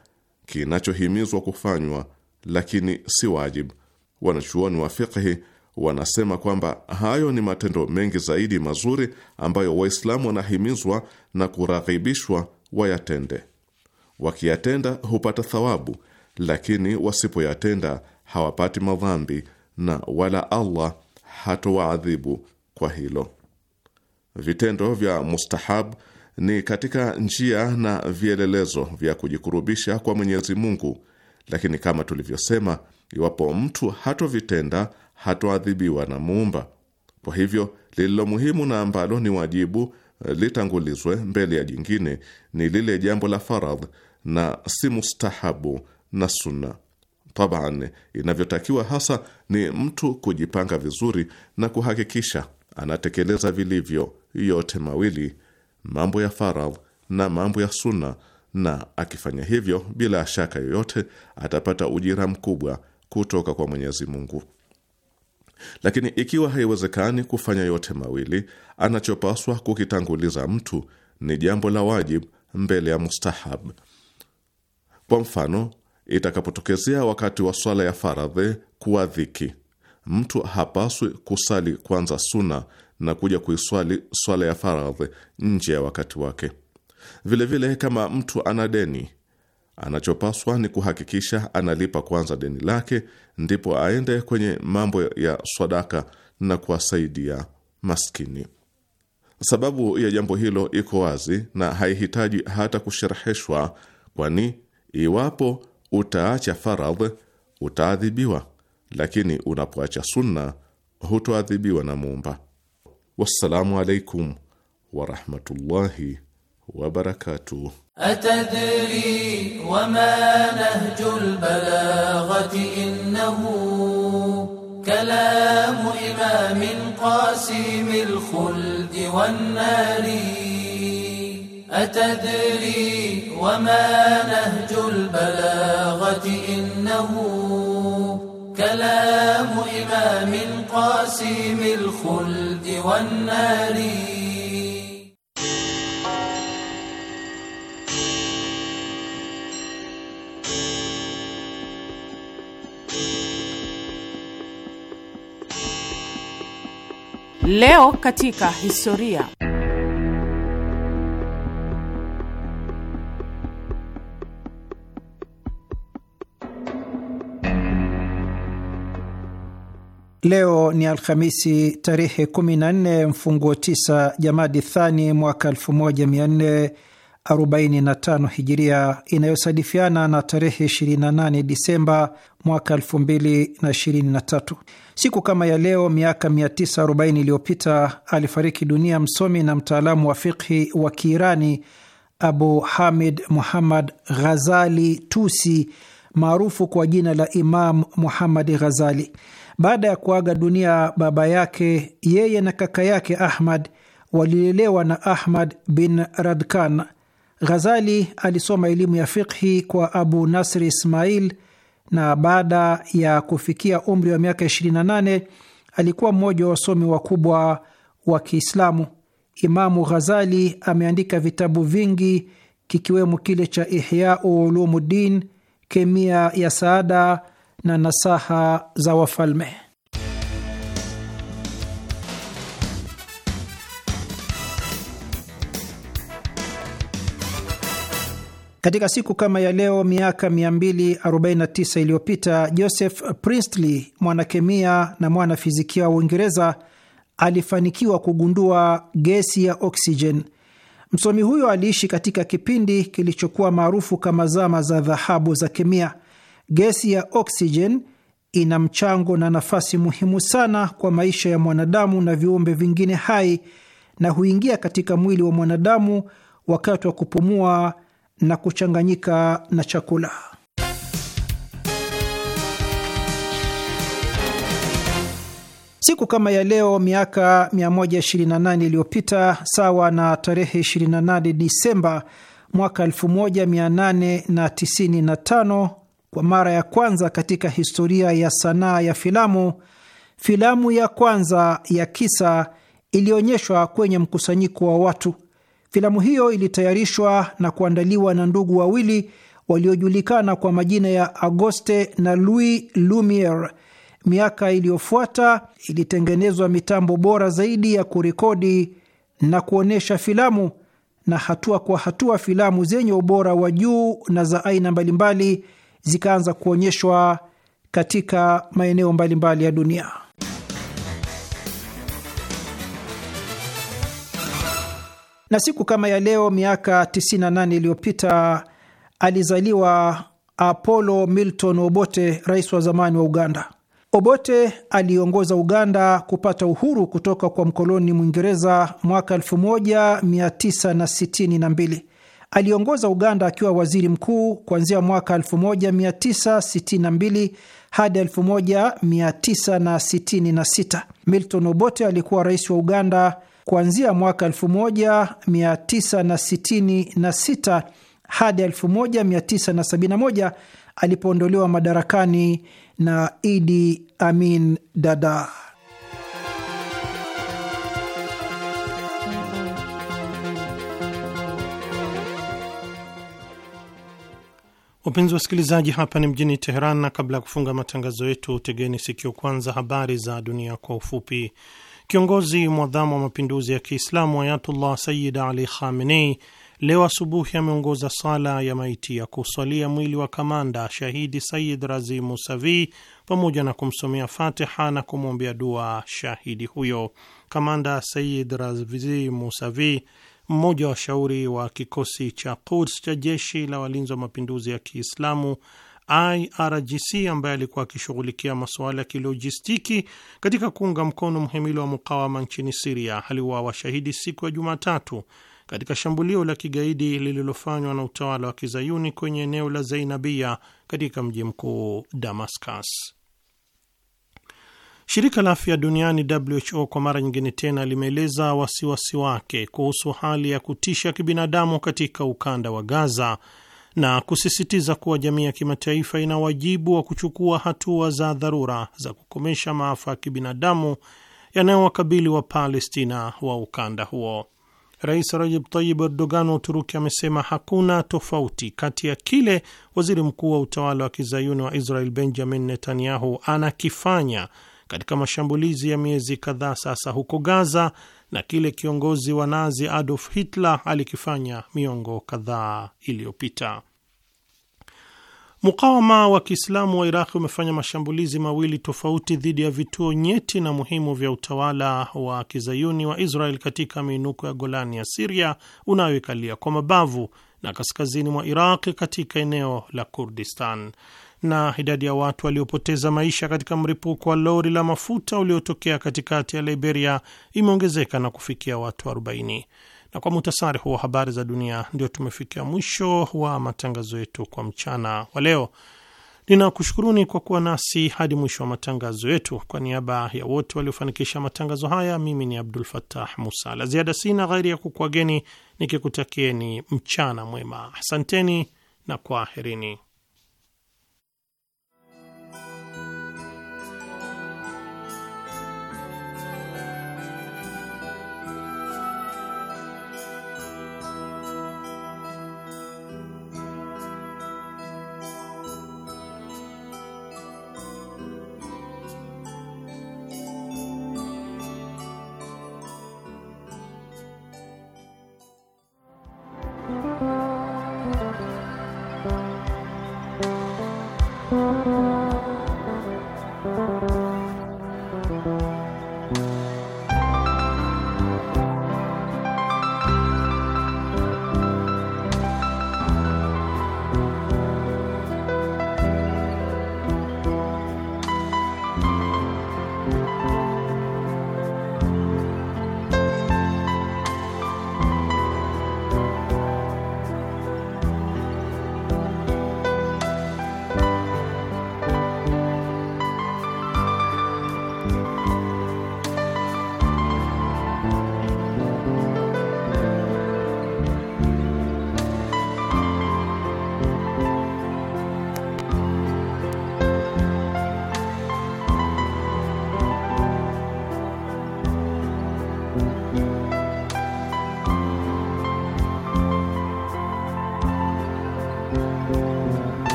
kinachohimizwa kufanywa, lakini si wajibu. Wanachuoni wa fiqhi wanasema kwamba hayo ni matendo mengi zaidi mazuri ambayo Waislamu wanahimizwa na kuraghibishwa wayatende. Wakiyatenda hupata thawabu, lakini wasipoyatenda hawapati madhambi na wala Allah hatowaadhibu kwa hilo. Vitendo vya mustahab ni katika njia na vielelezo vya kujikurubisha kwa Mwenyezi Mungu, lakini kama tulivyosema, iwapo mtu hatovitenda hatoadhibiwa na Muumba. Kwa hivyo lililo muhimu na ambalo ni wajibu eh, litangulizwe mbele ya jingine ni lile jambo la faradh na si mustahabu na sunna. Taban, inavyotakiwa hasa ni mtu kujipanga vizuri na kuhakikisha anatekeleza vilivyo yote mawili, mambo ya faradh na mambo ya sunna, na akifanya hivyo bila shaka yoyote atapata ujira mkubwa kutoka kwa Mwenyezi Mungu. Lakini ikiwa haiwezekani kufanya yote mawili, anachopaswa kukitanguliza mtu ni jambo la wajib mbele ya mustahab. Kwa mfano, itakapotokezea wakati wa swala ya faradhi kuwa dhiki, mtu hapaswi kusali kwanza suna na kuja kuiswali swala ya faradhi nje ya wakati wake. Vilevile vile, kama mtu ana deni, anachopaswa ni kuhakikisha analipa kwanza deni lake, ndipo aende kwenye mambo ya swadaka na kuwasaidia maskini. Sababu ya jambo hilo iko wazi na haihitaji hata kushereheshwa, kwani iwapo utaacha faradh utaadhibiwa, lakini unapoacha sunna hutoadhibiwa na Muumba. والسلام عليكم ورحمة الله وبركاته أتدري وما نهج البلاغة إنه كلام إمام قاسم الخلد والنار أتدري وما نهج البلاغة إنه سلام إمام قاسم الخلد والنار Leo katika historia. Leo ni Alhamisi tarehe 14 mfunguo 9 Jamadi Thani mwaka 1445 Hijiria, inayosadifiana na tarehe 28 Disemba mwaka 2023. Siku kama ya leo miaka 940 iliyopita alifariki dunia msomi na mtaalamu wa fikhi wa Kiirani Abu Hamid Muhammad Ghazali Tusi, maarufu kwa jina la Imam Muhammad Ghazali. Baada ya kuaga dunia baba yake, yeye na kaka yake Ahmad walilelewa na Ahmad bin Radkan. Ghazali alisoma elimu ya fiqhi kwa Abu Nasri Ismail, na baada ya kufikia umri wa miaka 28 alikuwa mmoja wa wasomi wakubwa wa Kiislamu. Imamu Ghazali ameandika vitabu vingi kikiwemo kile cha Ihya Ulumuddin, Kemia ya Saada na nasaha za wafalme. Katika siku kama ya leo miaka 249 iliyopita Joseph Priestley, mwanakemia na mwanafizikia wa Uingereza, alifanikiwa kugundua gesi ya oksijen Msomi huyo aliishi katika kipindi kilichokuwa maarufu kama zama za dhahabu za kemia. Gesi ya oksijen ina mchango na nafasi muhimu sana kwa maisha ya mwanadamu na viumbe vingine hai na huingia katika mwili wa mwanadamu wakati wa kupumua na kuchanganyika na chakula. Siku kama ya leo miaka 128 iliyopita, sawa na tarehe 28 Disemba mwaka 1895 kwa mara ya kwanza katika historia ya sanaa ya filamu, filamu ya kwanza ya kisa ilionyeshwa kwenye mkusanyiko wa watu. Filamu hiyo ilitayarishwa na kuandaliwa na ndugu wawili waliojulikana kwa majina ya Auguste na Louis Lumiere. Miaka iliyofuata ilitengenezwa mitambo bora zaidi ya kurekodi na kuonyesha filamu, na hatua kwa hatua filamu zenye ubora wa juu na za aina mbalimbali zikaanza kuonyeshwa katika maeneo mbalimbali ya dunia. Na siku kama ya leo miaka 98 iliyopita alizaliwa Apollo Milton Obote, rais wa zamani wa Uganda. Obote aliongoza Uganda kupata uhuru kutoka kwa mkoloni Mwingereza mwaka 1962. Aliongoza Uganda akiwa waziri mkuu kuanzia mwaka 1962 hadi 1966. Milton Obote alikuwa rais wa Uganda kuanzia mwaka 1966 hadi 1971 alipoondolewa madarakani na Idi Amin Dada. Wapenzi wasikilizaji, hapa ni mjini Teheran, na kabla ya kufunga matangazo yetu, tegeni sikio kwanza habari za dunia kwa ufupi. Kiongozi mwadhamu wa mapinduzi ya Kiislamu Ayatullah Sayyid Ali Khamenei leo asubuhi ameongoza sala ya maiti ya kuswalia mwili wa kamanda shahidi Sayyid Razi Musavi pamoja na kumsomea Fatiha na kumwombea dua shahidi huyo. Kamanda Sayyid Razi Musavi mmoja wa washauri wa kikosi cha Quds cha jeshi la walinzi wa mapinduzi ya Kiislamu IRGC ambaye alikuwa akishughulikia masuala ya kilojistiki katika kuunga mkono mhimili wa mukawama nchini Siria aliuawa shahidi siku ya Jumatatu katika shambulio la kigaidi lililofanywa na utawala wa kizayuni kwenye eneo la Zainabia katika mji mkuu Damascus. Shirika la afya duniani WHO kwa mara nyingine tena limeeleza wasiwasi wake kuhusu hali ya kutisha kibinadamu katika ukanda wa Gaza na kusisitiza kuwa jamii ya kimataifa ina wajibu wa kuchukua hatua za dharura za kukomesha maafa ya kibinadamu yanayowakabili wa Palestina wa ukanda huo. Rais Rajab tayib Erdogan wa Uturuki amesema hakuna tofauti kati ya kile waziri mkuu wa utawala wa kizayuni wa Israel Benjamin Netanyahu anakifanya katika mashambulizi ya miezi kadhaa sasa huko Gaza na kile kiongozi wa Nazi Adolf Hitler alikifanya miongo kadhaa iliyopita. Mukawama wa Kiislamu wa Iraqi umefanya mashambulizi mawili tofauti dhidi ya vituo nyeti na muhimu vya utawala wa kizayuni wa Israel katika miinuko ya Golani ya Siria unayoikalia kwa mabavu na kaskazini mwa Iraqi katika eneo la Kurdistan na idadi ya watu waliopoteza maisha katika mripuko wa lori la mafuta uliotokea katikati ya Liberia imeongezeka na kufikia watu 40. Na kwa muhtasari huo habari za dunia, ndio tumefikia mwisho wa matangazo yetu kwa mchana wa leo. Ninakushukuruni kwa kuwa nasi hadi mwisho wa matangazo yetu. Kwa niaba ya wote waliofanikisha matangazo haya, mimi ni Abdul Fatah Musa. La ziada sina ghairi ya kukuageni nikikutakieni mchana mwema. Asanteni na kwaherini.